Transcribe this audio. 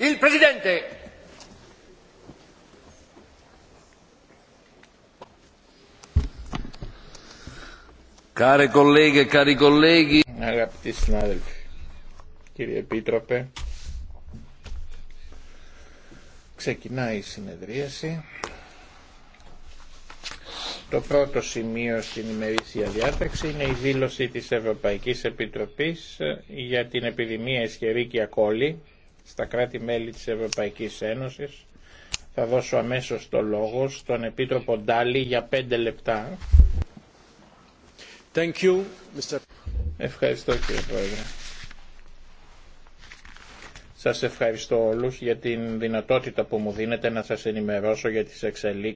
Il Presidente. Care colleghe, cari colleghi. Αγαπητοί συνάδελφοι, κύριε Επίτροπε, ξεκινάει η συνεδρίαση. Το πρώτο σημείο στην ημερήσια διάταξη είναι η δήλωση της Ευρωπαϊκής Επιτροπής για την επιδημία ισχυρή και ακόλη στα κράτη-μέλη της Ευρωπαϊκής Ένωσης. Θα δώσω αμέσως το λόγο στον Επίτροπο Ντάλι για πέντε λεπτά. Thank you, Mr. Ευχαριστώ κύριε Πρόεδρε. Σας ευχαριστώ όλους για την δυνατότητα που μου δίνετε να σας ενημερώσω για τις εξελίξεις